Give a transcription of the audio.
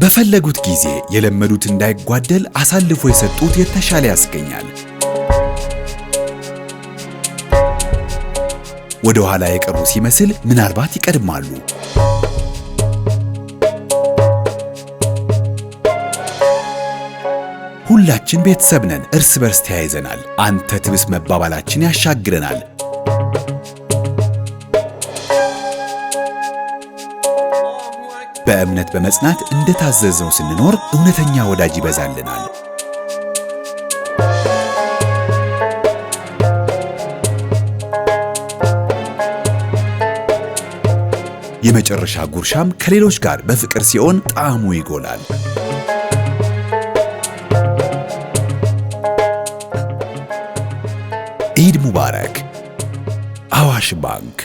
በፈለጉት ጊዜ የለመዱት እንዳይጓደል አሳልፎ የሰጡት የተሻለ ያስገኛል። ወደ ኋላ የቀሩ ሲመስል ምናልባት ይቀድማሉ። ሁላችን ቤተሰብ ነን፣ እርስ በርስ ተያይዘናል። አንተ ትብስ መባባላችን ያሻግረናል። በእምነት በመጽናት እንደታዘዘው ስንኖር እውነተኛ ወዳጅ ይበዛልናል። የመጨረሻ ጉርሻም ከሌሎች ጋር በፍቅር ሲሆን ጣዕሙ ይጎላል። ኢድ ሙባረክ! አዋሽ ባንክ